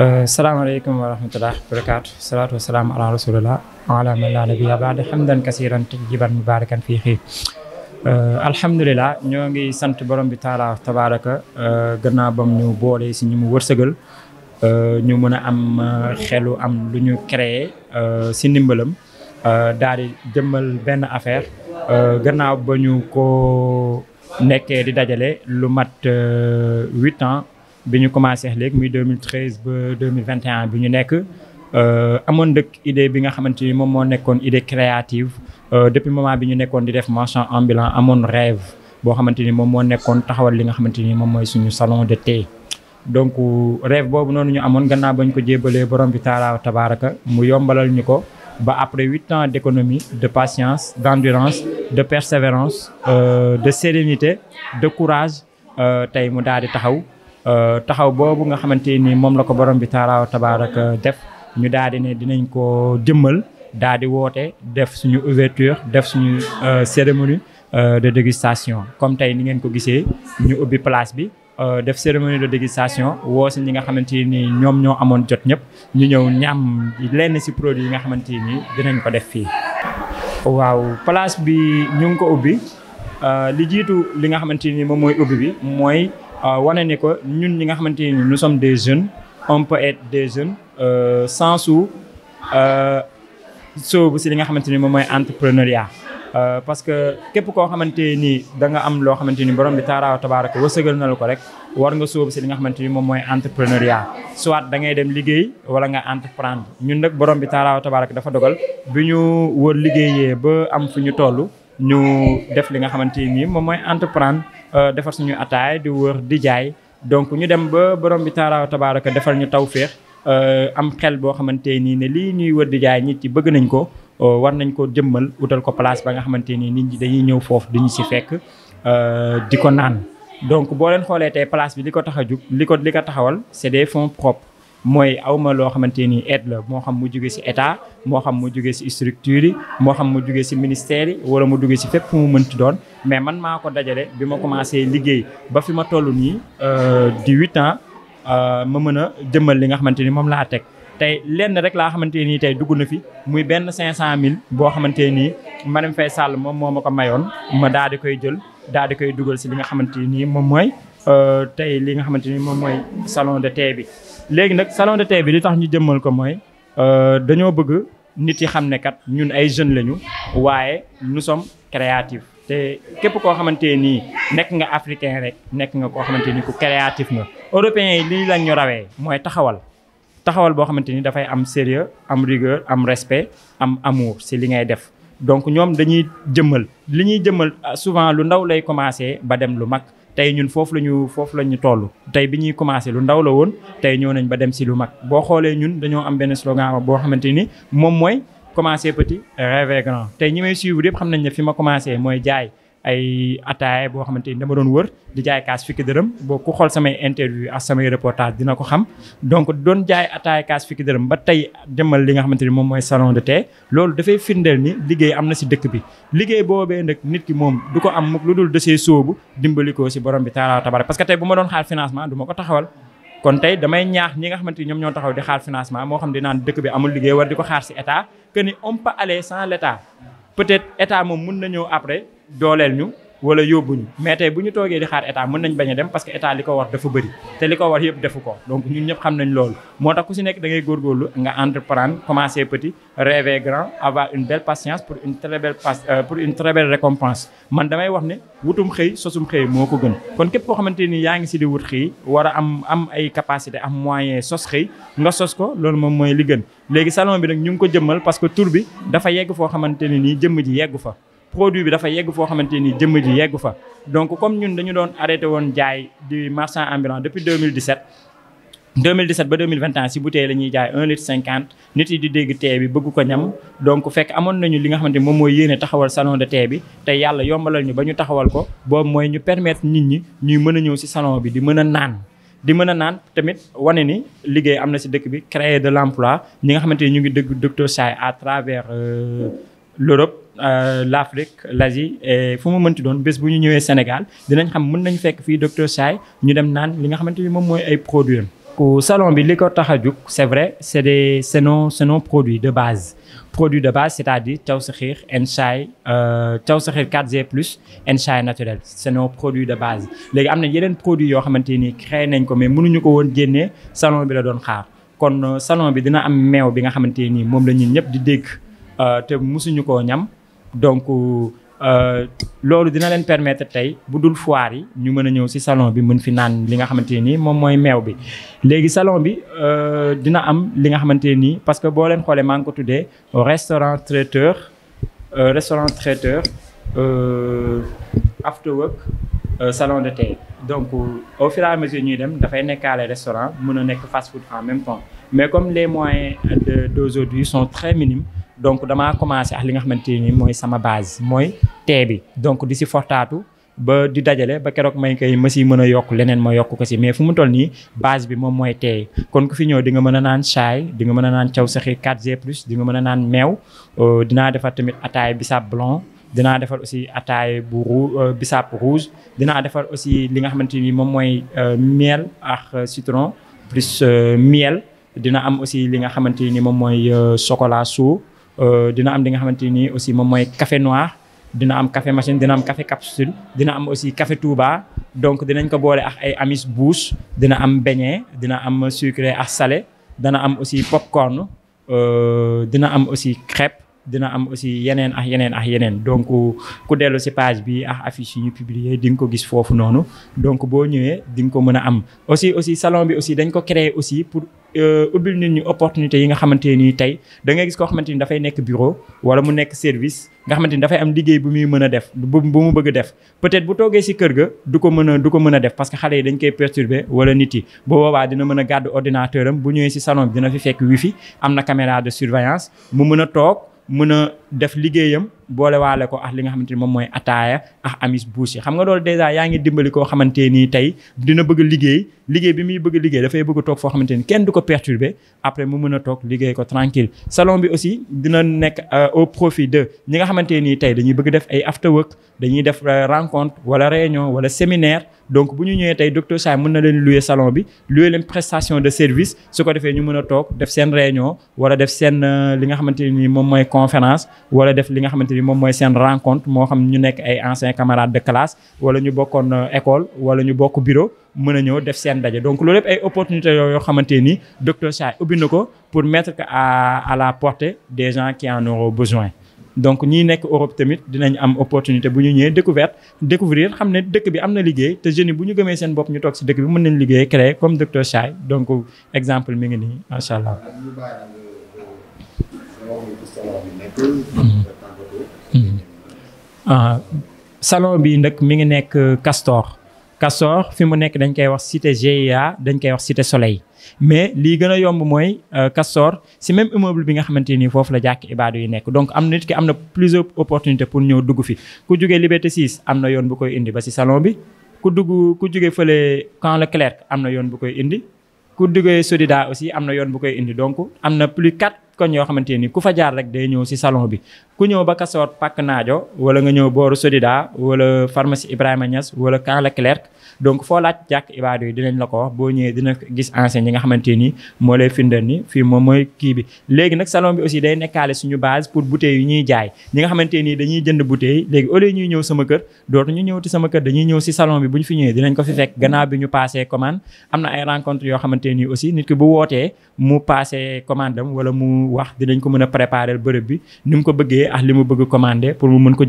Euh, salaamaaleykum wa rahmatulah barakaatu salaatu wa salaam ala rasulillah wa ala man laa nabiya baadi xamdan kasiran tajiban mubarakan fii xii euh, alhamdulilah ñoo ngi sant borom bi taala tabaraka euh, gannaaw bam ñu boole si ñu mu wërsëgal ñu mën a am xelu am lu ñu créé si ndimbalam daal di jëmmal benn affaire gannaaw ba ñu ko nekkee di dajale lu mat huit ans bi ñu commencé léegi muy 2013 ba 2021 bi ñu nekk euh, amoon dëkk idée bi nga xamante ni moom moo nekkoon idée créative euh, depuis moment bi ñu nekkoon di def marchand ambulant amoon rêve boo xamante ni moom moo nekkoon taxawal li nga xamante ni moom mooy suñu salon de thé. donc rêve boobu noonu ñu amoon gannaaw bañ ko jébalee borom bi taalaa tabaaraka mu yombalal ñu ko ba après huit ans d' économie de patience d' endurance de persévérance euh, de sérénité de courage tey mu daal di taxaw. Euh, taxaw boobu nga xamante nii moom la ko borom bi taaraaw tabaaraka def ñu daal di ne dinañ ko jëmmal daal di woote def suñu ouverture def suñu euh, cérémonie euh, de dégustation comme tey ni ngeen ko gisee ñu ubbi place bi def cérémonie de dégustation woo si ñi nga xamante nii ñoom ñoo amoon jot ñëpp ñu ñëw ñam lenn si produit yi nga xamante nii dinañ ko def fii. waaw place bi ñu ngi ko ubbi li jiitu li nga xamante ni moom mooy ubbi bi Euh, wane ni ko ñun ñi nga xamante ni nous sommes des jeunes on peut être des jeunes euh, sans sou euh, soobu si li nga xamante ni moom mooy entrepreneuriat. parce que képp koo xamante nii da nga am loo xamante ni borom bi taaraaw tabaaraka wërsëgal na la ko rek war nga soobu si li nga xamante ni moom mooy entrepreneuriat soit dangay dem liggéey wala nga entreprendre ñun nag borom bi taaraaw tabaaraka dafa dogal bi ñu wër liggéeyee ba am fu ñu toll ñu def li nga xamante ni Euh, defar suñu ataay di wër di jaay donc ñu dem ba borom bi taaraaw tabaaraka defal ñu taw féex euh, am xel boo xamante nii ne lii ñuy wër di jaay nit yi bëgg nañ ko euh, war nañ ko jëmmal utal ko place ba nga xamante nii nit ñi dañuy ñëw foofu duñu si fekk di ko naan donc boo leen xoolee tey place bi li ko tax a jug li ko li ko taxawal c'est des fonds propres mooy awma loo xamante ni aide moo xam mu jugee ci état moo xam mu jóge ci structure yi moo xam mu jugee ci ministère yi wala mu jugee ci fépp fu mu mën ti doon mais man maa ko dajale bi ma commencé liggéey ba fi ma toll nii euh, di huit ans euh, ma mën a jëmmal li nga xamante ni moom laa teg tey lenn rek laa xamante nii tey dugg na fi muy benn cinq cent mille boo xamante nii Marième Faye Sall moom moo ma ko mayoon ma daal di koy jël daal di koy dugal ci li nga xamante nii moom mooy Euh, tey li nga xamante ni moom mooy salon de thé bi. léegi nag salon de thé bi li tax ñu jëmmal ko mooy euh, dañoo bëgg nit yi xam ne kat ñun ay jeunes lañu waaye nous sommes créatifs. te képp koo xamante nii nekk nga africain rek nekk nga koo xamante ni ku créatif nga européens yi lii lañ ñu rawee mooy taxawal taxawal boo xamante ni dafay am sérieux am rigueur am respect am amour si li ngay def donc ñoom dañuy jëmmal li ñuy jëmmal euh, souvent lu ndaw lay commencé ba dem lu mag tey ñun foofu la ñu foofu la ñu toll tey bi ñuy commencé lu ndaw la woon tey ñëw nañ ba dem si lu mag boo xoolee ñun dañoo am benn slogan boo xamante ni moom mooy commencé petit rêver grand tey ñi may suivre yëpp xam nañ ne fi ma commencé mooy jaay ay ataaya boo xamante ni dama doon wër di jaay kaas fukki dërëm boo ku xool samay interview ak samay reportage dina ko xam donc doon jaay ataaya kaas fukki dërëm ba tey demal li nga xamante ni moom mooy salon de loolu dafay firndeel ni liggéey am na si dëkk bi liggéey boobee nag nit ki moom du ko am mukk lu dul desee sóobu dimbali ko si borom bi taala tabarak parce que tey bu ma doon xaar ko taxawal kon tey damay ñaax ñi nga xamante ni ñoom ñoo taxaw di xaar financement moo xam di naan dëkk bi amul liggéey war di ko xaar si état que ni on aller sans l' état peut être état moom mun na ñëw après dooleel ñu wala yóbbuñu mais tey bu ñu toogee di xaar état mën nañ bañ a dem parce que état li ko war dafa bëri te li ko war yëpp defu ko donc ñu ñëpp xam nañ loolu moo tax ku si nekk dangay ngay góorgóorlu nga entreprendre commencer petit rêver grand avoir une belle patience pour une très belle euh, pour une très belle récompense man damay wax ne wutum xëy sosum xëy moo ko gën kon képp koo xamante ni yaa ngi si di wut xëy war a am am ay capacité am moyen sos xëy nga sos ko loolu moom mooy li gën léegi salon bi nag ñu ngi ko jëmmal parce que tur bi dafa yegg foo xamante ne nii jëmm ji yeggu fa produit bi dafa yegg foo xamante ni jëmm ji yegg fa donc comme ñun dañu doon arrêté woon jaay di marchand ambulant depuis 2017 2017 ba 2021 si bouteille la ñuy jaay 1 litre 50 nit yi di dégg tee bi bëgg ko ñam donc fekk amoon nañu li nga xamante ni moom mooy yéene taxawal salon de thé bi te yàlla yombalal ñu ba ñu taxawal ko boobu mooy ñu permettre nit ñi ñuy mën a ñëw si salon bi di mën a naan di mën a naan tamit wane ni liggéey am na si dëkk bi créer de l' emploi ñi nga xamante ni ñu ngi dëgg docteur Chaye à travers euh, l'Europe Euh, l'Afrique l'Asie et fu mu mënti doon bés bu ñu ñëwee Sénégal dinañ xam mun nañu fekk fii docteur Saye ñu dem naan li nga xamante ni moom mooy ay produits am. salon bi li ko tax a jóg c'est vrai c'est des c'est nos c'est de base produit de base c'est-à-dire Tawsikhir Enshay Tawsikhir 4G plus Enshay naturel c'est nos produits de base léegi am na yeneen produits yoo xamante ni créé nañ ko mais mënuñu ko woon génnee salon bi la doon xaar kon euh, salon bi dina am meew bi nga xamante nii moom la ñun ñëpp di dégg euh, te mësuñu koo ñam donc euh, loolu dina leen permettre tey bu dul foire yi ñu mën a ñëw ci salon bi mën fi naan li nga xamante ne nii moom mooy meew bi. léegi salon bi euh, dina am li nga xamante ne nii parce que boo leen xoolee maa ngi ko tuddee restaurant traiteur euh, restaurant traiteur after work salon de thé. donc au fur mesure ñuy dem dafay nekkaale restaurant mën a nekk fast food en même temps mais comme les moyens de d'aujourd'hui sont très minimes. donc damaa commencé ak li nga xamante ni mooy sama base mooy tee bi donc di si fortaatu ba di dajale ba keroog may koy ma si mën a yokk leneen ma yokk ko si mais fu mu toll nii base bi moom mooy kon ku fi ñëw di nga mën a naan chaay di nga mën a naan caw saxi 4G plus di nga mën a naan meew euh, dinaa defar tamit ataay bisaab blanc dinaa defar aussi ataay bu ru euh, bisaab rouge dinaa defar aussi li nga xamante ni moom mooy euh, miel ak citron plus miel dina am aussi li nga xamante nii moom mooy chocolat chaud Euh, dina am li nga xamante nii aussi moom mooy café noir dina am café machine dina am café capsule dina am donc dinañ ko boole ax ay amis bouche dina am beignet dina am sucré ak sale dana am aussi popcorn euh, dina am aussi crêpe dina am aussi yeneen ak yeneen ak yeneen donc ku dellu si page bi ak affiche yi ñu publier di nga ko gis foofu noonu donc boo ñëwee dinga ko mën a am aussi aussi salon bi aussi dañ ko créer aussi Euh, ubbil nit ñi opportunité yi nga xamante nii tey da ngay gis koo xamante ni dafay nekk bureau wala mu nekk service nga xamante ni dafay am liggéey bu muy mën a def bu bu mu bëgg def peut-être bu toogee si kër ga du ko mën a du ko mën a def parce que xale yi dañ koy perturber wala nit yi bu boobaa dina mën a gàddu ordinateur am bu ñëwee si salon bi dina fi fekk wifi am na caméra de surveillance mu mën a toog mën a def liggéeyam boolewaale ko ak li nga xamante ni moom mooy ataaya ak amis buus yi xam nga loolu dèjà yaa ngi dimbali koo xamante nii tey dina bëgg liggéey liggéey bi muy bëgg liggéey dafay bëgg toog foo xamante ni kenn du ko perturber après mu mën a toog liggéey ko tranquille salon bi aussi dina nekk euh, au profit de ñi nga xamante nii tey dañuy bëgg def ay after work dañuy def euh, rencontre wala réunion wala séminaire donc bu ñu ñëwee tey docteur Sy mën na leen louer salon bi louer leen prestation de service su ko defee ñu mën a toog def seen réunion wala def seen euh, li nga xamante ni moom mooy conférence wala def li nga xamante ni moom mooy seen rencontre moo xam ñu nekk ay anciens camarades de classe wala ñu bokkoon euh, école wala ñu bokk bureau mën a ñëw def seen daje donc loolu yëpp ay opportunités yoo yoo xamante ni docteur Chaye ubbi na ko pour mettre à à la portée des gens qui en auront besoin. donc ñii nekk Europe tamit dinañ am opportunité bu ñu ñëwee découverte découvrir xam ne dëkk bi am na liggéey te jeunes yi bu ñu gëmee seen bopp ñu toog si dëkk bi mën nañ liggéey créer comme docteur Chaye donc exemple mi ngi nii macha allah. Ah, salon bi nag mi ngi nekk Castor Castor fi mu nekk dañ koy wax cité GIA dañ koy wax cité soleil mais lii gën a yomb mooy euh, Castor si même immeuble bi nga xamante nii foofu la jàkk ibaadu yi nekk donc am na nit ki am na plusieurs opportunités pour ñëw dugg fi ku jugee Liberté 6 am na yoon bu koy indi ba si salon bi ku dugg ku jugee fële Camp Leclerc am na yoon bu koy indi ku duggee Sodida aussi am na yoon bu koy indi donc am na plus quatre koñ yoo xamante ni ku fa jaar rek day ñëw si salon bi ku ñëw ba Kastoor Pàkk Naajo wala nga ñëw booru Sodida wala pharmacie Ibrahima Niass wala Camp Leclerc donc foo laaj jàkk ibaadu yi dinañ la ko wax boo ñëwee dina gis enseigne yi nga xamante ni moo lay firndeel ni fii moom mooy kii bi léegi nag salon bi aussi day nekkaale suñu base pour bouteilles yu ñuy jaay ñi nga xamante nii dañuy jënd bouteilles léegi au ñuy ñëw sama kër dootu ñu ñëwti sama kër dañuy ñëw si salon bi bu ñu fi ñëwee dinañ ko fi fekk gannaaw bi ñu passé commande am na ay rencontre yoo xamante nii aussi nit ki bu wootee mu passé commande a préparer bi ni mu ko bëggee ak li mu bëgg commander pour mu ko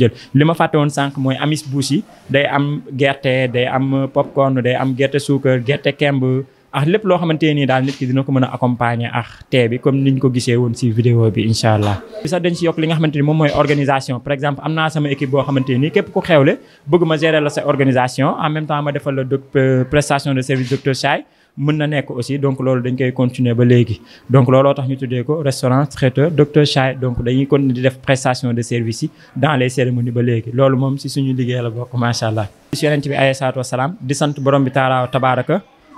popcorn day am gerte suukar gerte kemb ax lépp loo xamante nii daal nit ki dina ko mën a accompagner ak tee bi comme niñ ko gisee woon si vidéo bi incha allah bi sax dañ si yokk li nga xamante ni moom mooy organisation par exemple am naa sama équipe boo xamante nii képp ku xewle bëgg ma gérer la sa organisation en même temps ma defal la euh, prestation de service docteur Chaye na nekk aussi donc loolu dañ koy continuer ba léegi donc looloo tax ñu tuddee ko restaurant traiteur docteur Chaye donc dañuy continuer di def prestation de service yi dans les cérémonies ba léegi loolu moom si suñu liggéey la bokk macha allah si yonent bi alayhi salaatu wasalaam di sant borom bi taalaa tabaaraka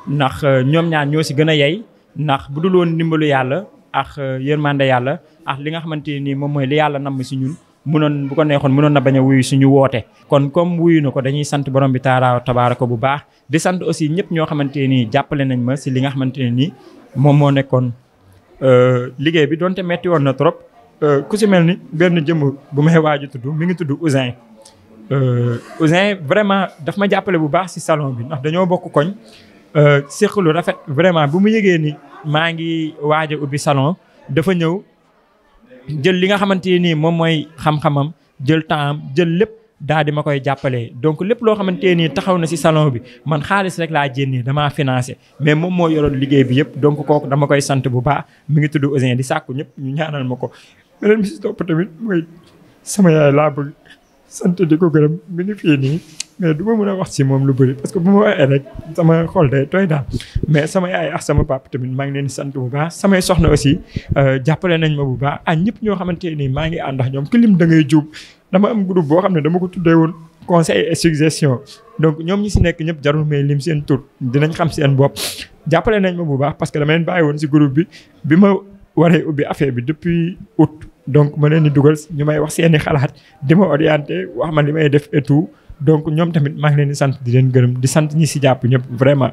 ndax euh, ñoom ñaar ñoo si gën a yey ndax bu dul woon ndimbalu yàlla ak euh, yërmande yàlla ax li nga xamante nii moom mooy li yàlla namm si ñun munoon bu ko neexoon munoon na bañ suñu woote. kon comme wuyu ko dañuy sant borom bi taalaa tabaaraka bu baax di sant aussi ñëpp ñoo xamante ni jàppale nañ ma si li nga xamante ne ni moom moo nekkoon euh, liggéey bi donte metti woon na trop ku si mel ni benn jëmm bu may waaj a tudd mi ngi tudd Ousin Euh, Ousin vraiment daf ma jàppale bu baax si salon bi ndax dañoo bokk koñ. Euh, séq lu rafet vraiment bu mu yëgee ni maa ngi waaj ubbi salon dafa ñëw jël li nga xamante nii moom mooy xam-xamam jël temps jël lépp daal di ma koy jàppalee donc lépp loo xamante nii taxaw na si salon bi man xaalis rek laa jénnee damaa financé mais moom moo yoroon liggéey bi yëpp donc kooku dama koy sant bu baax mi ngi tudd Ousin di sàkku ñëpp ñu ñaanal ma ko beneen bi si topp tamit sant di ko gërëm mi ngi fii nii mais du ma mën a wax si moom lu bëri parce que bu ma waxee rek sama xool day tooy daal mais sama yaay ak sama papa tamit maa ngi leen sant bu baax samay soxna aussi euh, jàppale nañ ma bu baax ak ñëpp ñoo xamante nii maa ngi àndax ñoom ku lim da ngay juub dama am groupe boo xam ne dama ko tuddee woon conseil et suggestion donc ñoom ñi si nekk ñëpp jarul may lim seen tur dinañ xam seen bopp jàppale nañ ma bu baax parce que dama leen woon si groupe bi bi ma waree ubbi affaire bi depuis août donc ma leen di dugal ñu may wax seeni xalaat di ma orienté wax ma li may def et donc ñoom tamit maa ngi leen di sant di leen gërëm di sant ñi si jàpp ñëpp vraiment.